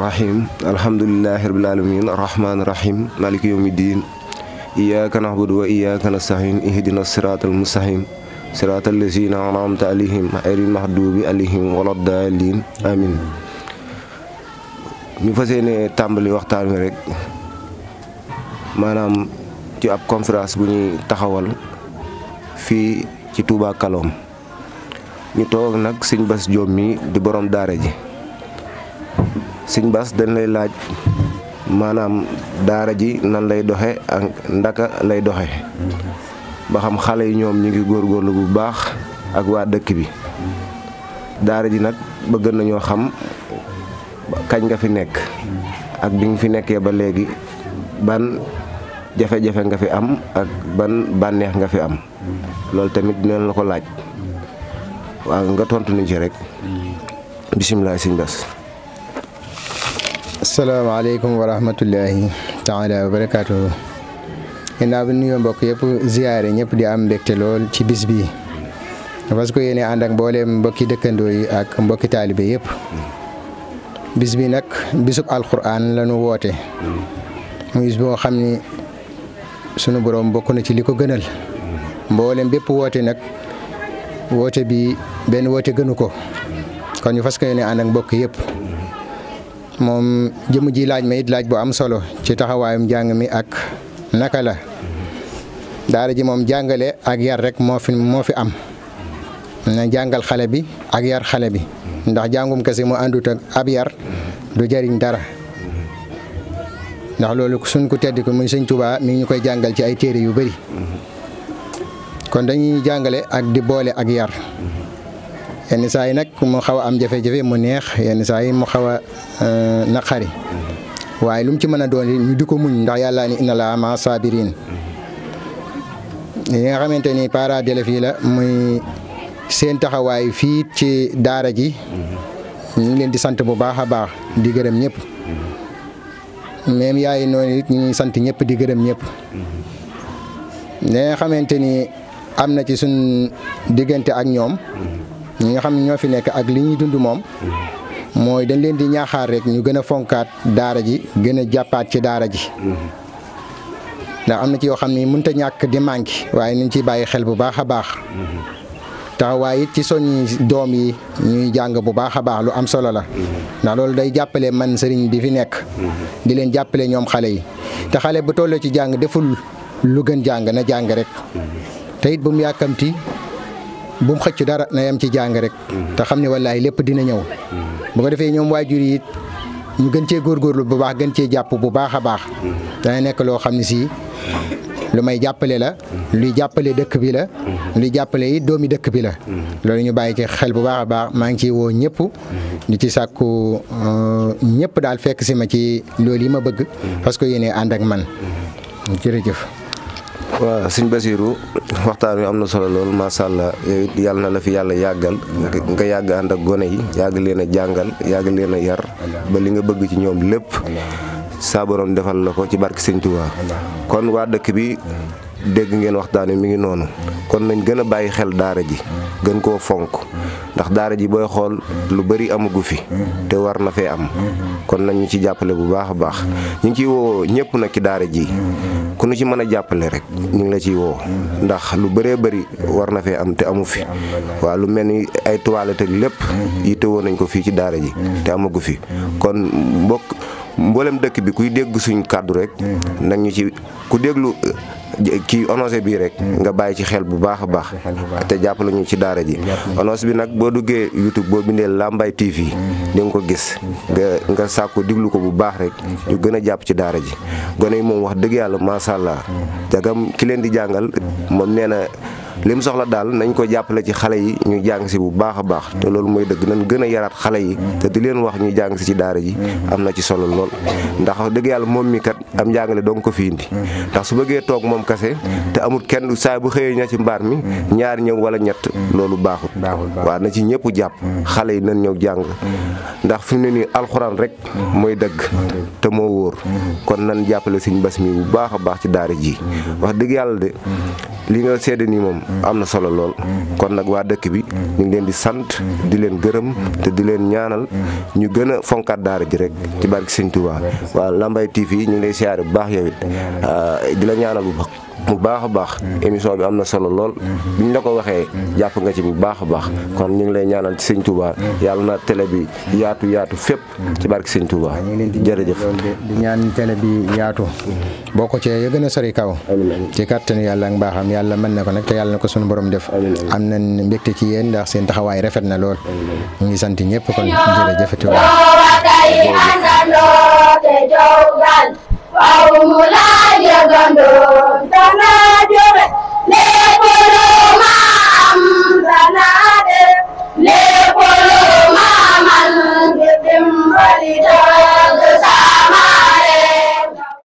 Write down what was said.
الرحيم الحمد لله رب العالمين الرحمن الرحيم مالك يوم الدين إياك نعبد وإياك نستعين اهدنا الصراط المستقيم صراط الذين أنعمت عليهم غير المغضوب عليهم ولا الضالين آمين ñu fas yéene tàmbali waxtaan wi rek maanaam ci ab conférence bu ñuy taxawal fii ci Touba Kalom ñu toog nak sëñ Bass Diome mi di borom daara ji Singbas Bass dañ lay laaj manam daara ji nan lay doxé ak ndaka lay doxé ba xam ñom ñi ngi gor gor lu bu baax ak wa dekk bi daara ji nag bëgg nañoo xam kañ nga fi nekk ak biñ fi nekké ba légui ban jafé jafé nga fi am ak ban bànneex nga fi am lol tamit dinañ la ko laaj wa nga tontu nañ ci rek bismillah seigne Bass salaamaaleykum wa rahmatullahi taala wa barakaatu. ginnaaw mbokk yëpp ziyaare ñëpp di am mbégte lool ci bis bi parce que yéene ànd ak mbooleem mbokki dëkkandoo yi ak mbokki taalibe yëpp. bis bi nag bisub alquran la woote. muy bis boo xam ni sunu borom bokk na ci li ko gënal. mboolem bépp woote nag woote bi benn woote gënu ko kon ñu fas ko yéene ànd ak mbokk yëpp. moom jëmm ji laaj ma it laaj bu am solo ci taxawaayum jàng mi ak naka la daara ji moom jàngale ak yar rek moo fi am na jàngal xale bi ak yar xale bi ndax jàngum kese mu àndut ak ab yar du jariñ dara ndax loolu suñ ko tedd ko muy sëñ Tuubaa mi ñu koy jàngal ci ay téere yu bari kon dañuy jàngale ak di boole ak yar yenn saa yi nag mu xaw a am jafe-jafe mu neex yenn saa yi mu xaw a euh, naqari waaye lum ci mën a doon ñu di ko muñ ndax yàlla ni inna laa ma saabiriin yi nga xamante ni parents d'élèves la muy seen taxawaay fii ci daara ji ñu ngi leen di sant bu baax a baax di gërëm ñëpp même yaay noonu it ñu sant ñëpp di gërëm ñëpp li nga xamante ni am na ci suñ diggante ak ñoom ñi nga xam ne ñoo fi nekk ak li ñuy dund moom mooy dañ leen di ñaaxaar rek ñu gën a fonkaat daara ji gën a jàppaat ci daara ji ndax am na ci yoo xam ni mënta ñàkk di manqué waaye nañ ciy bàyyi xel bu baax a baax taxawaay it ci soññi doom yi ñuy jàng bu baax a baax lu am solo la ndax loolu day jàppale man sëriñ di fi nekk di leen jàppale ñoom xale yi te xale bu tolloo ci jàng deful lu gën jàng na jàng rek te it bu yàkkamti bu mu xëcc dara na yem ci jàng rek te xam ne wallaay lépp dina ñëw bu ko defee ñoom waajur yi ñu gën cee góorgóorlu bu baax gën cee jàpp bu baax a baax dana nekk loo xam ne si lu may jàppale la luy jàppale dëkk bi la luy jàppale yi doomi dëkk bi la loolu ñu bàyyi ci xel bu baax a baax maa ngi ciy woo ñëpp di ci sàkku euh, ñëpp daal fekk si ma ci loolu yi ma bëgg parce que yéene ànd ak man jërëjëf wa sin Basiru waxtaan yu amna solo lol ma sha allah yow na la fi yalla yagal nga yag and ak gone yi yag leena jangal yag leena yar ba li nga bëgg ci ñom lepp sa borom defal lako ci barke seigne touba kon wa dekk bi deg ngeen waxtaan mi ngi kon nañ gëna bayyi xel daara ji gën ko fonk ndax daara ji boy xol lu bari fi te war na fe am kon nañ ci jàppale bu baax baax ñi ci wo ñepp ci daara ji ku nu ci mën a jàppale rek ñu ngi la ciy woo ndax lu bëree bari war na fee am te amu fi waa lu mel ni ay toilette ak lépp yitte woon nañ ko fii ci daara ji te amagu fi kon mbokk mboolem dëkk bi kuy dégg suñ kàddu rek nag ñu ci ku déglu kii annonce bii rek hmm. nga bàyyi ci xel bu baax a baax te jàppale ñu ci daara ji annonce bi nag boo duggee youtube boo bindee Lambaye TV hmm. di nga ko gis hmm. nga nga sàkku diglu ko bu baax rek ñu gën a jàpp ci daara ji gone yi moom wax dëgg yàlla macha allah jagam ki leen di jàngal moom nee na li soxla daal nañ ko jàppale ci xale yi ñu jàng si bu baax a baax te loolu mooy dëgg nañ gën a yaraat xale yi te di leen wax ñu jàng si ci daara ji am na ci solo lool ndax dëgg yàlla moom mi kat am njàngale dong ko fi ndi ndax su bëggee toog moom kase te amul kenn saa bu xëyee ña ci mbaar mi ñaar ñëw wala ñett loolu baaxut waa na ci ñëpp jàpp xale yi nañ ñëw jàng ndax fi mu ne nii alxuraan rek mooy dëgg te moo wóor kon nan jàppale suñ bas mi bu baax a baax ci daara ji wax dëgg yàlla de li nga nii moom am na solo lool kon nag waa dëkk bi ñu ngi leen di sant di leen gërëm te di leen ñaanal ñu gën a fonkaat daara ji rek ci barke Sëñ Tuubaa waaw Lambaye TV ñu ngi lay siyaare bu baax yow it di la ñaanal bu baax bu baax a baax émission bi am na solo lool bi ñu la ko waxee jàpp nga ci bu baax a baax kon ñu ngi lay ñaanal ci sëñ Touba yàlla na télé bi yaatu yaatu fépp ci barke sëñ Touba jërëjëf di ñaan télé bi yaatu boo ko cee ya gën a sori kaw ci kàttan yàlla ak mbaaxam mën na ko nag te ko suñu borom def am nañ mbégte ci yéen ndax seen taxawaay rafet na lool ñu ngi sant ñëpp kon jërëjëf te jogal